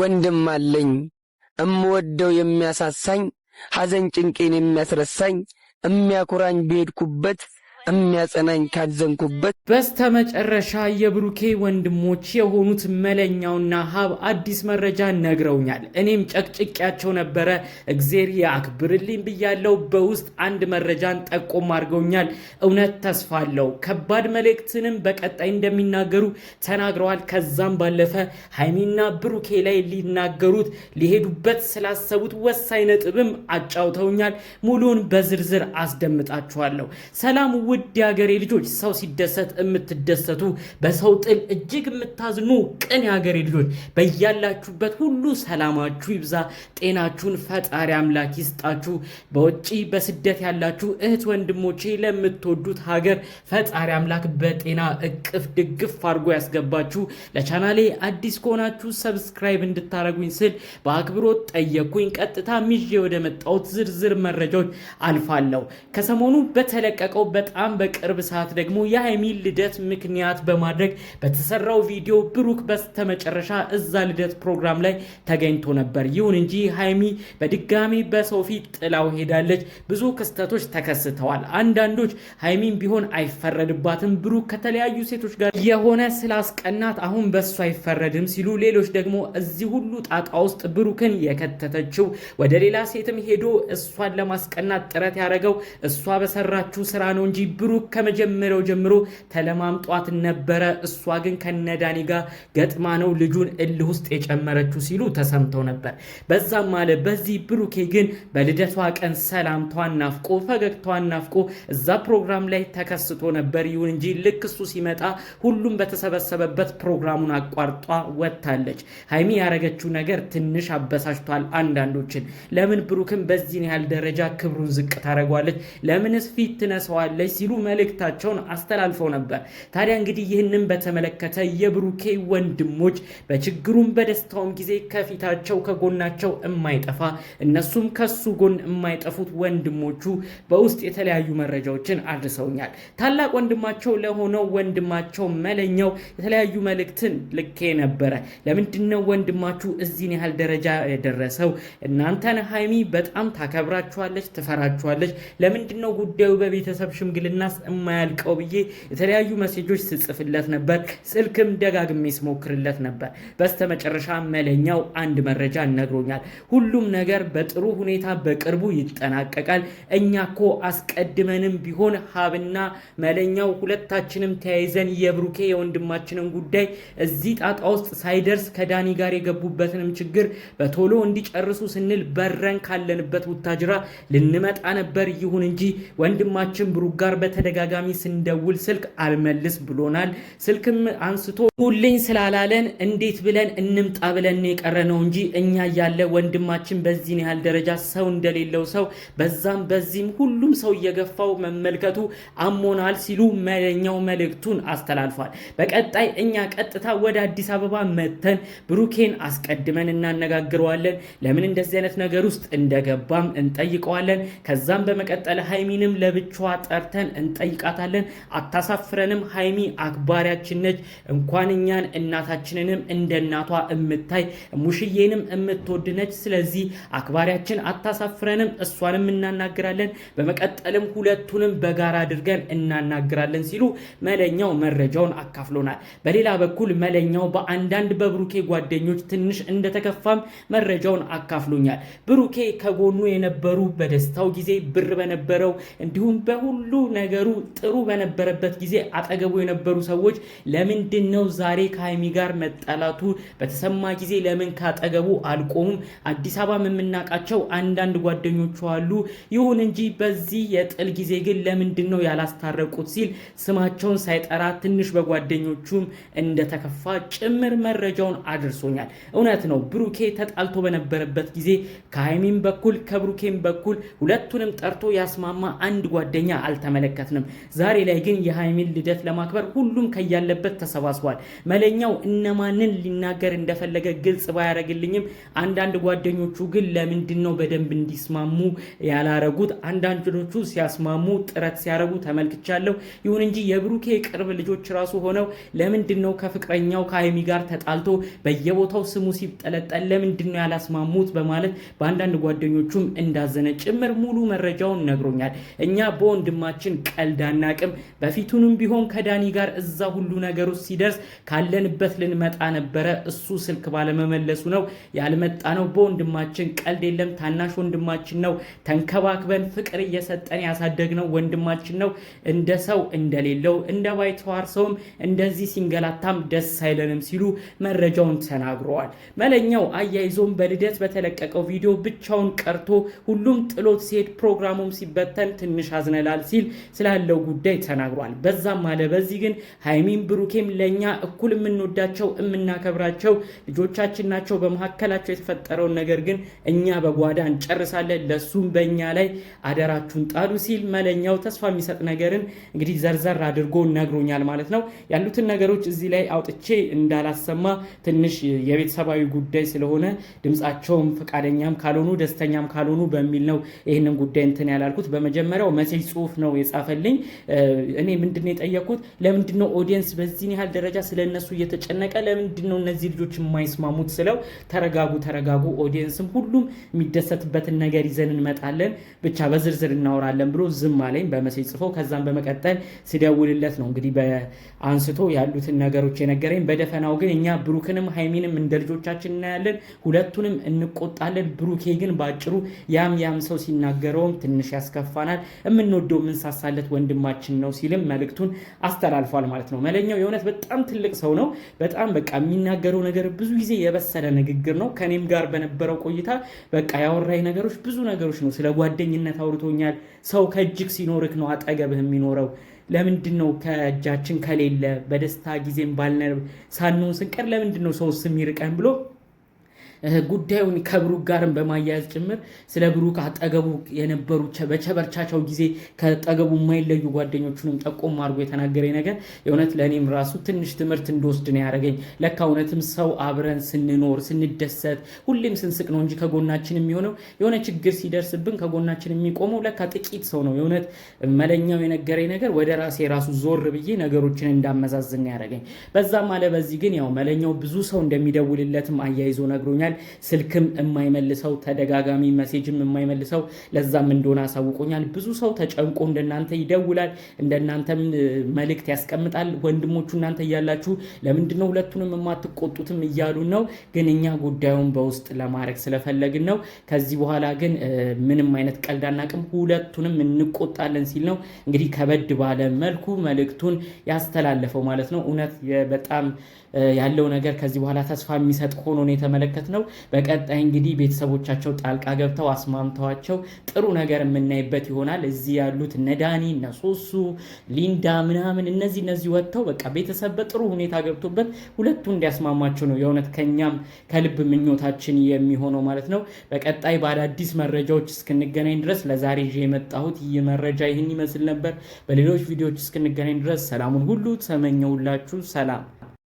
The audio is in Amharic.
ወንድም አለኝ እምወደው የሚያሳሳኝ ሐዘን ጭንቄን የሚያስረሳኝ እሚያኩራኝ ብሄድኩበት የሚያጸናኝ ካዘንኩበት። በስተመጨረሻ የብሩኬ ወንድሞች የሆኑት መለኛውና ሀብ አዲስ መረጃ ነግረውኛል። እኔም ጨቅጭቅያቸው ነበረ። እግዜር አክብርልኝ ብያለው። በውስጥ አንድ መረጃን ጠቆም አድርገውኛል። እውነት ተስፋ አለው። ከባድ መልእክትንም በቀጣይ እንደሚናገሩ ተናግረዋል። ከዛም ባለፈ ሀይሚና ብሩኬ ላይ ሊናገሩት ሊሄዱበት ስላሰቡት ወሳኝ ነጥብም አጫውተውኛል። ሙሉን በዝርዝር አስደምጣችኋለሁ። ሰላም ውድ የሀገሬ ልጆች ሰው ሲደሰት የምትደሰቱ በሰው ጥል እጅግ የምታዝኑ ቅን የሀገሬ ልጆች በያላችሁበት ሁሉ ሰላማችሁ ይብዛ፣ ጤናችሁን ፈጣሪ አምላክ ይስጣችሁ። በውጭ በስደት ያላችሁ እህት ወንድሞቼ፣ ለምትወዱት ሀገር ፈጣሪ አምላክ በጤና እቅፍ ድግፍ አድርጎ ያስገባችሁ። ለቻናሌ አዲስ ከሆናችሁ ሰብስክራይብ እንድታደርጉኝ ስል በአክብሮት ጠየኩኝ። ቀጥታ ሚዤ ወደ መጣሁት ዝርዝር መረጃዎች አልፋለሁ። ከሰሞኑ በተለቀቀው በጣም በጣም በቅርብ ሰዓት ደግሞ የሀይሚ ልደት ምክንያት በማድረግ በተሰራው ቪዲዮ ብሩክ በስተመጨረሻ እዛ ልደት ፕሮግራም ላይ ተገኝቶ ነበር። ይሁን እንጂ ሀይሚ በድጋሚ በሰው ፊት ጥላው ሄዳለች። ብዙ ክስተቶች ተከስተዋል። አንዳንዶች ሀይሚን ቢሆን አይፈረድባትም፣ ብሩክ ከተለያዩ ሴቶች ጋር የሆነ ስላስቀናት አሁን በሱ አይፈረድም ሲሉ፣ ሌሎች ደግሞ እዚህ ሁሉ ጣጣ ውስጥ ብሩክን የከተተችው ወደ ሌላ ሴትም ሄዶ እሷን ለማስቀናት ጥረት ያደረገው እሷ በሰራችው ስራ ነው እንጂ ብሩክ ከመጀመሪያው ጀምሮ ተለማምጧት ነበረ። እሷ ግን ከነዳኒ ጋር ገጥማ ነው ልጁን እልህ ውስጥ የጨመረችው ሲሉ ተሰምተው ነበር። በዛም ማለ በዚህ ብሩኬ ግን በልደቷ ቀን ሰላምቷን ናፍቆ ፈገግቷን ናፍቆ እዛ ፕሮግራም ላይ ተከስቶ ነበር። ይሁን እንጂ ልክ እሱ ሲመጣ ሁሉም በተሰበሰበበት ፕሮግራሙን አቋርጧ ወጥታለች። ሀይሚ ያደረገችው ነገር ትንሽ አበሳጭቷል አንዳንዶችን። ለምን ብሩክን በዚህን ያህል ደረጃ ክብሩን ዝቅ ታደርጓለች? ለምንስ ፊት ትነሳዋለች? ሲሉ መልእክታቸውን አስተላልፈው ነበር። ታዲያ እንግዲህ ይህንን በተመለከተ የብሩኬ ወንድሞች በችግሩም በደስታውም ጊዜ ከፊታቸው ከጎናቸው የማይጠፋ እነሱም ከሱ ጎን የማይጠፉት ወንድሞቹ በውስጥ የተለያዩ መረጃዎችን አድርሰውኛል። ታላቅ ወንድማቸው ለሆነው ወንድማቸው መለኛው የተለያዩ መልእክትን ልኬ ነበረ። ለምንድነው ወንድማችሁ እዚህን ያህል ደረጃ የደረሰው? እናንተን ሀይሚ በጣም ታከብራችኋለች፣ ትፈራችኋለች። ለምንድነው ጉዳዩ በቤተሰብ ሽምግልና ብናስ የማያልቀው ብዬ የተለያዩ መሴጆች ስጽፍለት ነበር። ስልክም ደጋግሜ ስሞክርለት ነበር። በስተመጨረሻ መለኛው አንድ መረጃ ነግሮኛል። ሁሉም ነገር በጥሩ ሁኔታ በቅርቡ ይጠናቀቃል። እኛ ኮ አስቀድመንም ቢሆን ሀብና መለኛው ሁለታችንም ተያይዘን የብሩኬ የወንድማችንን ጉዳይ እዚህ ጣጣ ውስጥ ሳይደርስ ከዳኒ ጋር የገቡበትንም ችግር በቶሎ እንዲጨርሱ ስንል በረን ካለንበት ውታጅራ ልንመጣ ነበር። ይሁን እንጂ ወንድማችን ብሩክ ጋር ጋር በተደጋጋሚ ስንደውል ስልክ አልመልስ ብሎናል። ስልክም አንስቶ ሁልኝ ስላላለን እንዴት ብለን እንምጣ ብለን የቀረ ነው እንጂ እኛ ያለ ወንድማችን በዚህን ያህል ደረጃ ሰው እንደሌለው ሰው በዛም በዚህም ሁሉም ሰው እየገፋው መመልከቱ አሞናል ሲሉ መለኛው መልእክቱን አስተላልፏል። በቀጣይ እኛ ቀጥታ ወደ አዲስ አበባ መተን ብሩኬን አስቀድመን እናነጋግረዋለን። ለምን እንደዚህ አይነት ነገር ውስጥ እንደገባም እንጠይቀዋለን። ከዛም በመቀጠል ሀይሚንም ለብቻዋ ጠርተን አስቀምጠን እንጠይቃታለን። አታሳፍረንም። ሀይሚ አክባሪያችን ነች። እንኳን እኛን እናታችንንም እንደ እናቷ ሙሽዬንም እምትወድ ነች። ስለዚህ አክባሪያችን አታሳፍረንም። እሷንም እናናግራለን። በመቀጠልም ሁለቱንም በጋራ አድርገን እናናግራለን ሲሉ መለኛው መረጃውን አካፍሎናል። በሌላ በኩል መለኛው በአንዳንድ በብሩኬ ጓደኞች ትንሽ እንደተከፋም መረጃውን አካፍሎኛል። ብሩኬ ከጎኑ የነበሩ በደስታው ጊዜ ብር በነበረው እንዲሁም በሁሉ ነገሩ ጥሩ በነበረበት ጊዜ አጠገቡ የነበሩ ሰዎች ለምንድን ነው ዛሬ ከሀይሚ ጋር መጠላቱ በተሰማ ጊዜ ለምን ካጠገቡ አልቆሙም? አዲስ አበባ የምናውቃቸው አንዳንድ ጓደኞቹ አሉ። ይሁን እንጂ በዚህ የጥል ጊዜ ግን ለምንድን ነው ያላስታረቁት ሲል ስማቸውን ሳይጠራ ትንሽ በጓደኞቹም እንደተከፋ ጭምር መረጃውን አድርሶኛል። እውነት ነው ብሩኬ ተጣልቶ በነበረበት ጊዜ ከሀይሚም በኩል ከብሩኬም በኩል ሁለቱንም ጠርቶ ያስማማ አንድ ጓደኛ አልተመለ አልተመለከትንም። ዛሬ ላይ ግን የሀይሚን ልደት ለማክበር ሁሉም ከያለበት ተሰባስቧል። መለኛው እነማንን ሊናገር እንደፈለገ ግልጽ ባያደረግልኝም አንዳንድ ጓደኞቹ ግን ለምንድን ነው በደንብ እንዲስማሙ ያላረጉት? አንዳንዶቹ ሲያስማሙ ጥረት ሲያረጉ ተመልክቻለሁ። ይሁን እንጂ የብሩኬ ቅርብ ልጆች ራሱ ሆነው ለምንድን ነው ከፍቅረኛው ከሀይሚ ጋር ተጣልቶ በየቦታው ስሙ ሲጠለጠል ለምንድን ነው ያላስማሙት? በማለት በአንዳንድ ጓደኞቹም እንዳዘነ ጭምር ሙሉ መረጃውን ነግሮኛል። እኛ በወንድማችን ነገሮችን ቀልድ አናቅም። በፊቱንም ቢሆን ከዳኒ ጋር እዛ ሁሉ ነገር ውስጥ ሲደርስ ካለንበት ልንመጣ ነበረ። እሱ ስልክ ባለመመለሱ ነው ያልመጣ ነው። በወንድማችን ቀልድ የለም። ታናሽ ወንድማችን ነው። ተንከባክበን ፍቅር እየሰጠን ያሳደግነው ወንድማችን ነው። እንደ ሰው እንደሌለው እንደ ባይተዋር ሰውም እንደዚህ ሲንገላታም ደስ አይለንም ሲሉ መረጃውን ተናግረዋል። መለኛው አያይዞም በልደት በተለቀቀው ቪዲዮ ብቻውን ቀርቶ ሁሉም ጥሎት ሲሄድ ፕሮግራሙም ሲበተን ትንሽ አዝነላል ሲል ስላለው ጉዳይ ተናግሯል። በዛም አለ በዚህ ግን ሀይሚም ብሩኬም ለእኛ እኩል የምንወዳቸው የምናከብራቸው ልጆቻችን ናቸው። በመካከላቸው የተፈጠረውን ነገር ግን እኛ በጓዳ እንጨርሳለን፣ ለእሱም በእኛ ላይ አደራችሁን ጣሉ ሲል መለኛው ተስፋ የሚሰጥ ነገርን እንግዲህ ዘርዘር አድርጎ ነግሮኛል ማለት ነው። ያሉትን ነገሮች እዚህ ላይ አውጥቼ እንዳላሰማ ትንሽ የቤተሰባዊ ጉዳይ ስለሆነ ድምፃቸውም ፈቃደኛም ካልሆኑ ደስተኛም ካልሆኑ በሚል ነው ይህንን ጉዳይ እንትን ያላልኩት። በመጀመሪያው መሴጅ ጽሁፍ ነው የጻፈልኝ። እኔ ምንድን ነው የጠየኩት? ለምንድን ነው ኦዲየንስ በዚህን ያህል ደረጃ ስለ እነሱ እየተጨነቀ ለምንድን ነው እነዚህ ልጆች የማይስማሙት ስለው፣ ተረጋጉ ተረጋጉ፣ ኦዲየንስም ሁሉም የሚደሰትበትን ነገር ይዘን እንመጣለን፣ ብቻ በዝርዝር እናወራለን ብሎ ዝም አለኝ በመሴጅ ጽፎ። ከዛም በመቀጠል ሲደውልለት ነው እንግዲህ አንስቶ ያሉትን ነገሮች የነገረኝ። በደፈናው ግን እኛ ብሩክንም ሀይሚንም እንደ ልጆቻችን እናያለን፣ ሁለቱንም እንቆጣለን። ብሩኬ ግን በአጭሩ ያም ያም ሰው ሲናገረውም ትንሽ ያስከፋናል። የምንወደው ምንሳሳ የተነሳለት ወንድማችን ነው ሲልም መልእክቱን አስተላልፏል ማለት ነው። መለኛው የእውነት በጣም ትልቅ ሰው ነው። በጣም በቃ የሚናገረው ነገር ብዙ ጊዜ የበሰለ ንግግር ነው። ከኔም ጋር በነበረው ቆይታ በቃ ያወራኝ ነገሮች ብዙ ነገሮች ነው። ስለ ጓደኝነት አውርቶኛል። ሰው ከእጅግ ሲኖርክ ነው አጠገብህ የሚኖረው ለምንድን ነው ከእጃችን ከሌለ በደስታ ጊዜም ባልነ ሳንሆን ስንቀር ለምንድን ነው ሰው የሚርቀን ብሎ ጉዳዩን ከብሩክ ጋርም በማያያዝ ጭምር ስለ ብሩክ አጠገቡ የነበሩ በቸበርቻቻው ጊዜ ከጠገቡ የማይለዩ ጓደኞቹንም ጠቆም አድርጎ የተናገረ ነገር የእውነት ለእኔም ራሱ ትንሽ ትምህርት እንደወስድ ነው ያደረገኝ። ለካ እውነትም ሰው አብረን ስንኖር ስንደሰት፣ ሁሌም ስንስቅ ነው እንጂ ከጎናችን የሚሆነው የሆነ ችግር ሲደርስብን ከጎናችን የሚቆመው ለካ ጥቂት ሰው ነው። የእውነት መለኛው የነገረኝ ነገር ወደ ራሴ ራሱ ዞር ብዬ ነገሮችን እንዳመዛዝን ያደረገኝ። በዛም አለ በዚህ ግን ያው መለኛው ብዙ ሰው እንደሚደውልለትም አያይዞ ነግሮኛል። ስልክም የማይመልሰው ተደጋጋሚ መሴጅም የማይመልሰው ለዛም እንደሆነ አሳውቆኛል። ብዙ ሰው ተጨንቆ እንደናንተ ይደውላል፣ እንደናንተም መልእክት ያስቀምጣል። ወንድሞቹ እናንተ እያላችሁ ለምንድነው ሁለቱንም የማትቆጡትም እያሉ ነው። ግን እኛ ጉዳዩን በውስጥ ለማድረግ ስለፈለግን ነው። ከዚህ በኋላ ግን ምንም አይነት ቀልድ አናቅም፣ ሁለቱንም እንቆጣለን ሲል ነው እንግዲህ ከበድ ባለ መልኩ መልእክቱን ያስተላለፈው ማለት ነው። እውነት በጣም ያለው ነገር ከዚህ በኋላ ተስፋ የሚሰጥ ሆኖ ነው የተመለከት ነው። በቀጣይ እንግዲህ ቤተሰቦቻቸው ጣልቃ ገብተው አስማምተዋቸው ጥሩ ነገር የምናይበት ይሆናል። እዚህ ያሉት ነዳኒ እነ ሶሱ ሊንዳ ምናምን እነዚህ እነዚህ ወጥተው በቃ ቤተሰብ በጥሩ ሁኔታ ገብቶበት ሁለቱ እንዲያስማማቸው ነው የእውነት ከኛም ከልብ ምኞታችን የሚሆነው ማለት ነው። በቀጣይ በአዳዲስ መረጃዎች እስክንገናኝ ድረስ ለዛሬ ይዤ የመጣሁት ይህ መረጃ ይህን ይመስል ነበር። በሌሎች ቪዲዮዎች እስክንገናኝ ድረስ ሰላሙን ሁሉ ተመኘውላችሁ። ሰላም